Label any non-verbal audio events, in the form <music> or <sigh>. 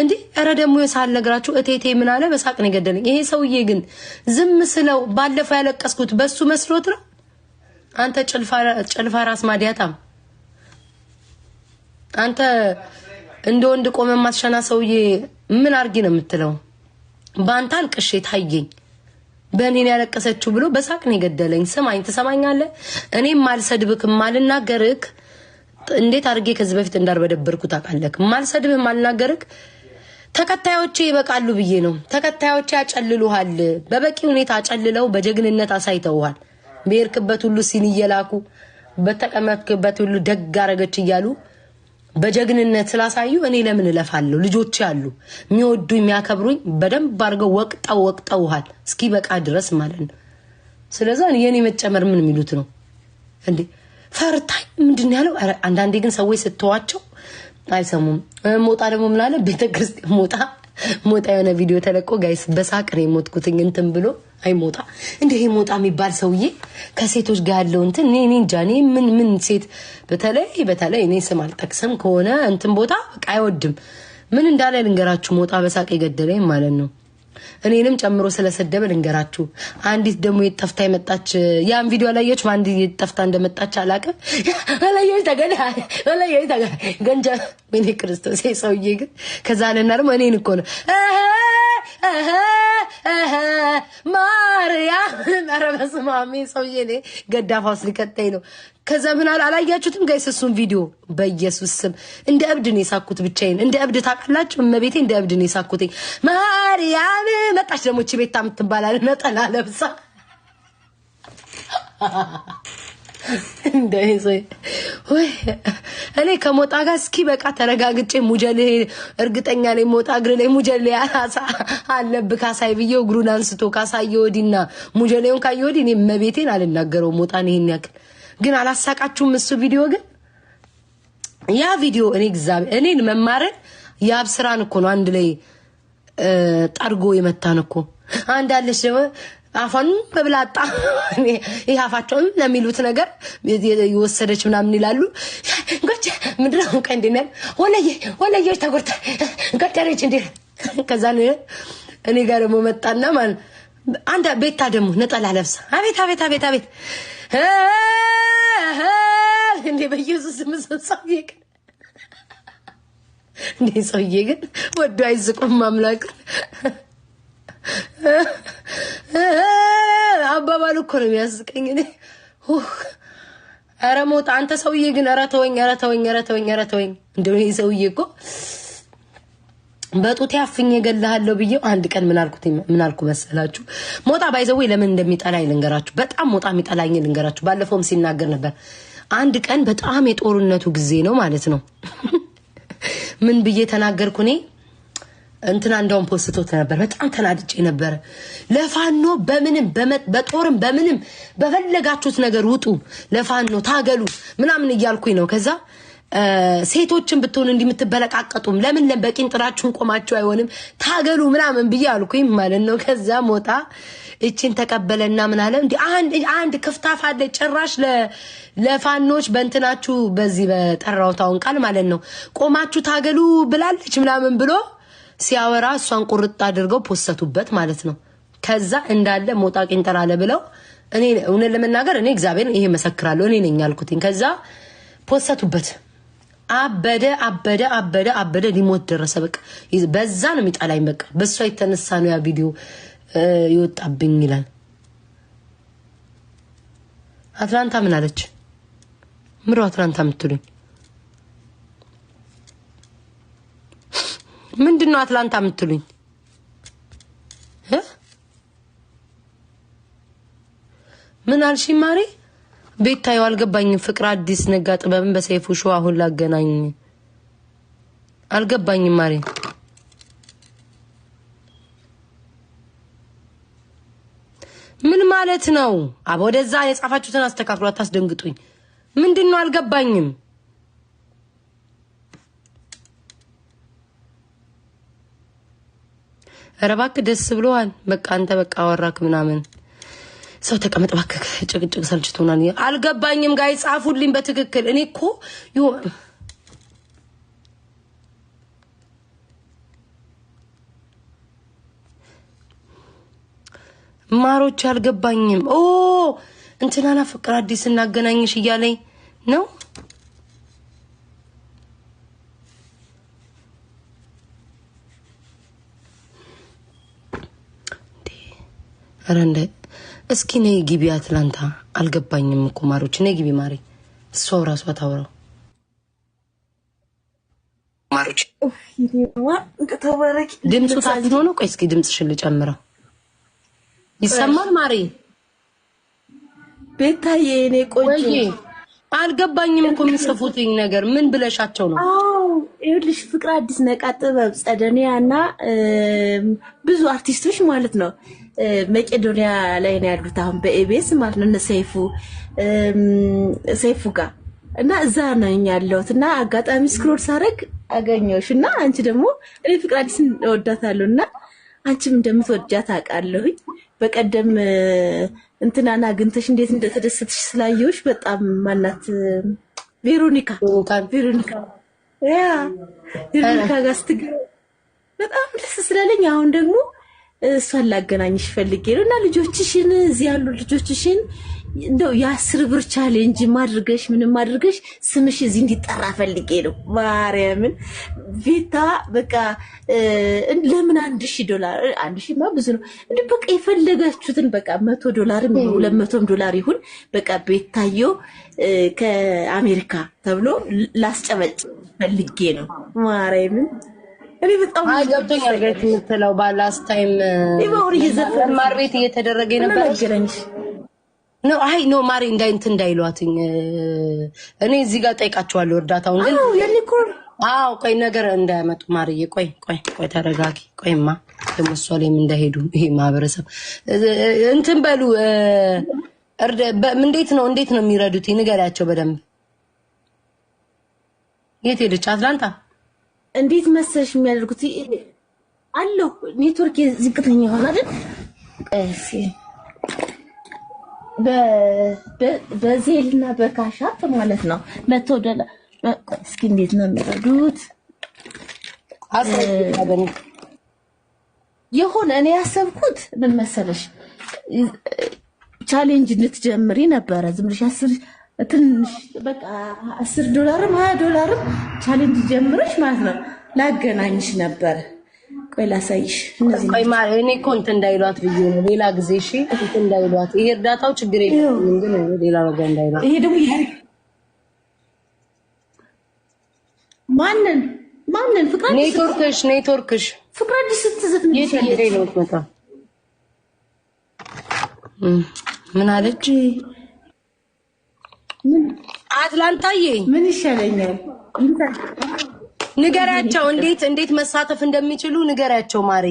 እንዴ ኧረ ደግሞ ሳልነግራችሁ እቴቴ ምን አለ በሳቅ ነው የገደለኝ። ይሄ ሰውዬ ግን ዝም ስለው ባለፈው ያለቀስኩት በሱ መስሎት ነው። አንተ ጭልፋ ራስ ማዲያታም፣ አንተ እንደ ወንድ ቆመ ማትሸና ሰውዬ ምን አርጊ ነው የምትለው? በአንተ አልቅሼ ታየኝ በእኔን ያለቀሰችው ብሎ በሳቅ ነው የገደለኝ። ስማኝ፣ ትሰማኛለህ? እኔም ማልሰድብክ ማልናገርክ እንዴት አድርጌ ከዚህ በፊት እንዳርበደበርኩ ታውቃለህ። ማልሰድብህ ማልናገርክ ተከታዮቼ ይበቃሉ ብዬ ነው። ተከታዮች ያጨልሉሃል። በበቂ ሁኔታ አጨልለው በጀግንነት አሳይተውሃል። በሄድክበት ሁሉ ሲን እየላኩ በተቀመጥክበት ሁሉ ደግ አረገች እያሉ በጀግንነት ስላሳዩ እኔ ለምን እለፋለሁ? ልጆች አሉ የሚወዱ የሚያከብሩኝ። በደንብ አድርገው ወቅጠው ወቅጠውሃል እስኪ በቃ ድረስ ማለት ነው። ስለዛ የእኔ መጨመር ምን የሚሉት ነው እንዴ? ፈርታኝ ምንድን ያለው? አንዳንዴ ግን ሰዎች ስተዋቸው አይሰሙም። ሞጣ ደግሞ ምናለ ቤተክርስቲያን ሞጣ ሞጣ የሆነ ቪዲዮ ተለቆ ጋይስ በሳቅ ነው የሞትኩትኝ እንትን ብሎ አይ ሞጣ እንደ ይሄ ሞጣ የሚባል ሰውዬ ከሴቶች ጋር ያለው እንትን እኔ እንጃ እኔ ምን ምን ሴት በተለይ በተለይ እኔ ስም አልጠቅስም ከሆነ እንትን ቦታ በቃ አይወድም። ምን እንዳለ ልንገራችሁ። ሞጣ በሳቅ የገደለኝ ማለት ነው። እኔንም ጨምሮ ስለሰደበ ልንገራችሁ። አንዲት ደግሞ የጠፍታ የመጣች ያን ቪዲዮ አላየች። አንድ የጠፍታ እንደመጣች አላውቅም። አላየች ተገላየች ገንጃ ወይኔ ክርስቶስ ሰውዬ ግን ከዛ ለና ደግሞ እኔን እኮ ነው <laughs> ኧረ በስመ አብ ሰውዬ እኔ ገዳፋ ውስጥ ሊቀጣኝ ነው። ከዛ አላያችሁትም ጋይስ? እሱን ቪዲዮ በኢየሱስ ስም እንደ እብድ ነው የሳኩት ብቻዬን። እንደ እብድ ታውቃላችሁ፣ እመቤቴ እንደ እብድ ነው የሳኩትኝ። ማርያም መጣች ደግሞ ችቤታ የምትባላል ነጠላ ለብሳ እኔ ከሞጣ ጋር እስኪ በቃ ተረጋግጬ ሙጀሌ እርግጠኛ ላይ ሞጣ እግር ላይ ሙጀሌ አለብህ ካሳይ ብዬው እግሩን አንስቶ ካሳየ ወዲና ሙጀሌውን ካየ ወዲ እኔ መቤቴን አልናገረው ሞጣን ይሄን ያክል ግን አላሳቃችሁም። እሱ ቪዲዮ ግን ያ ቪዲዮ እኔ እግዚአብሔር እኔን መማርን የአብስራን እኮ ነው አንድ ላይ ጠርጎ የመታን እኮ አንዳለች ደግሞ አፏን በብላጣ <laughs> ይህ አፋቸውን ለሚሉት ነገር የወሰደች ምናምን ይላሉ። ጎች ምድረውን ቀ እንዲናል ወለየ ወለየች ተጎርታ ገደረች እንዲ ከዛ እኔ ጋር ደግሞ መጣና ማለት አንድ ቤታ ደግሞ ነጠላ ለብሳ አቤት አቤት አቤት አቤት እንዴ በኢየሱስ ምሰሳ ይቅር እንዴ ሰውዬ ግን ወዶ አይዝቁም አምላክ አባባል እኮ ነው የሚያስቀኝ። እኔ ኧረ ሞት አንተ ሰውዬ ግን ኧረ ተወኝ፣ ኧረ ተወኝ፣ ኧረ ተወኝ፣ ኧረ ተወኝ። እንደው ይሄ ሰውዬ እኮ በጡቴ አፍኜ እገልሃለሁ ብዬው አንድ ቀን ምን አልኩ መሰላችሁ? ሞጣ ባይዘዌ ለምን እንደሚጠላኝ ልንገራችሁ። በጣም ሞጣ የሚጠላኝ ልንገራችሁ። ባለፈውም ሲናገር ነበር። አንድ ቀን በጣም የጦርነቱ ጊዜ ነው ማለት ነው። ምን ብዬ ተናገርኩ እኔ እንትና እንደውም ፖስቶት ነበር። በጣም ተናድጬ ነበረ። ለፋኖ በምንም በጦርም በምንም በፈለጋችሁት ነገር ውጡ፣ ለፋኖ ታገሉ ምናምን እያልኩኝ ነው። ከዛ ሴቶችን ብትሆን እንዲምትበለቃቀጡም ለምን በቂን ጥራችሁን ቆማችሁ አይሆንም ታገሉ ምናምን ብዬ አልኩኝ ማለት ነው። ከዛ ሞጣ እችን ተቀበለና ምን አለ እንዲ አንድ ክፍታፍ አለ ጭራሽ ለፋኖች በእንትናችሁ በዚህ በጠራውታውን ቃል ማለት ነው ቆማችሁ ታገሉ ብላለች ምናምን ብሎ ሲያወራ እሷን ቁርጥ አድርገው ፖሰቱበት ማለት ነው። ከዛ እንዳለ ሞጣ ቂንጠራለ ብለው እኔ እውነት ለመናገር እኔ እግዚአብሔር ይሄ መሰክራለሁ እኔ ነኝ ያልኩትኝ። ከዛ ፖሰቱበት አበደ አበደ አበደ አበደ፣ ሊሞት ደረሰ። በቃ በዛ ነው የሚጠላኝ። በቃ በእሷ የተነሳ ነው ያ ቪዲዮ ይወጣብኝ ይላል። አትላንታ ምን አለች? ምሮ አትላንታ የምትሉኝ ነው አትላንታ የምትሉኝ? ምን አልሽ ማሬ? ቤታዩ አልገባኝም። ፍቅር አዲስ ነጋ ጥበብን በሰይፉ ሾ አሁን ላገናኝ አልገባኝም ማሪ። ምን ማለት ነው? አብ ወደዛ የጻፋችሁትን አስተካክሉ፣ አታስደንግጡኝ። ምንድን ነው አልገባኝም። ኧረ እባክህ ደስ ብሎሃል። በቃ አንተ በቃ አወራክ ምናምን ሰው ተቀመጥ እባክህ፣ ጭቅጭቅ ሰልችቶናል። አልገባኝም ጋይ ጻፉልኝ በትክክል እኔ እኮ ማሮች አልገባኝም። ኦ እንትናና ፍቅር አዲስ እናገናኝሽ እያለኝ ነው ኧረ እንደ እስኪ ነይ ግቢ አትላንታ አልገባኝም እኮ ማሮች፣ ነይ ግቢ ማሪ። እሷው ራሷ ታውራው ማሮች፣ ድምፁ ታዝኖ ነው። ቆይ እስኪ ድምፅሽን ልጨምረው ይሰማል? ማሪ ቤታዬ፣ የኔ ቆንጆ አልገባኝም እኮ የሚጽፉትኝ ነገር ምን ብለሻቸው ነው? ይኸውልሽ ፍቅር አዲስ ነቃ ጥበብ ጸደኒያ እና ብዙ አርቲስቶች ማለት ነው መቄዶኒያ ላይ ነው ያሉት አሁን በኤቤስ ማለት ነው። እነ ሰይፉ ሰይፉ ጋር እና እዛ ነኝ ያለሁት እና አጋጣሚ ስክሮል ሳደርግ አገኘሁሽ እና አንቺ ደግሞ እኔ ፍቅር አዲስን እወዳታለሁ እና አንቺም እንደምትወዳት አውቃለሁኝ። በቀደም እንትናና አግኝተሽ እንዴት እንደተደሰትሽ ስላየሁሽ በጣም ማናት ቬሮኒካ ቬሮኒካ ያ ድርብልካ ጋር በጣም ደስ ስላለኝ አሁን ደግሞ እሷን ላገናኝሽ ፈልጌ ነው እና ልጆችሽን እዚህ ያሉ ልጆችሽን እንደው የአስር ብር ቻሌንጅ ማድርገሽ ምንም አድርገሽ ስምሽ እዚህ እንዲጠራ ፈልጌ ነው። ማርያምን ቤታ በቃ ለምን አንድ ዶላር አንድ ማ ብዙ ነው። እንደ በቃ የፈለጋችሁትን በቃ መቶ ዶላርም ሁለት መቶም ዶላር ይሁን በቃ ቤታየው ከአሜሪካ ተብሎ ላስጨበጭ ፈልጌ ነው ማርያምን እኔ በጣም ገብቶኛል። የምትለው ባላስ ታይም ማር ቤት እየተደረገ ነበር አይ ኖ ማሪ እንዳይሏትኝ እኔ እዚህ ጋር ጠይቃቸዋለሁ እርዳታውን ግን አዎ ቆይ ነገር እንዳያመጡ ማርዬ፣ ቆይ ቆይ ቆይ ተረጋጊ። ቆይማ ደግሞ እሷ ላይም እንዳይሄዱ ይሄ ማህበረሰብ እንትን በሉ። እንዴት ነው እንዴት ነው የሚረዱት? ንገሪያቸው በደንብ። የት ሄደች አትላንታ እንዴት መሰለሽ የሚያደርጉት አለው። ኔትወርክ ዝቅተኛ ይሆናል አይደል? እሺ በዜልና በካሻፕ ማለት ነው። መቶ መተወደላ እስኪ እንዴት ነው የሚረዱት? የሆነ እኔ ያሰብኩት ምን መሰለሽ ቻሌንጅ ልትጀምሪ ነበረ ዝም ብለሽ ትንሽ በቃ አስር ዶላርም ሀያ ዶላርም ቻሌንጅ ጀምረሽ ማለት ነው ላገናኝሽ ነበር። ቆይ ላሳይሽ። እኔ እኮ እንትን እንዳይሏት ብዬ ነው ሌላ ጊዜ። እሺ እንትን እንዳይሏት ይሄ እርዳታው ችግር የለም ግን ሌላ ነገር እንዳይሏት። ይሄ ደግሞ ማንን ማንን ፍቅራ ኔትወርክሽ ኔትወርክሽ ፍቅራ አዲስ ስትዘፍን ነው ምን አለች? አትላንታዬ ምን ይሻለኛል? ንገሪያቸው፣ እንዴት እንዴት መሳተፍ እንደሚችሉ ንገሪያቸው ማሬ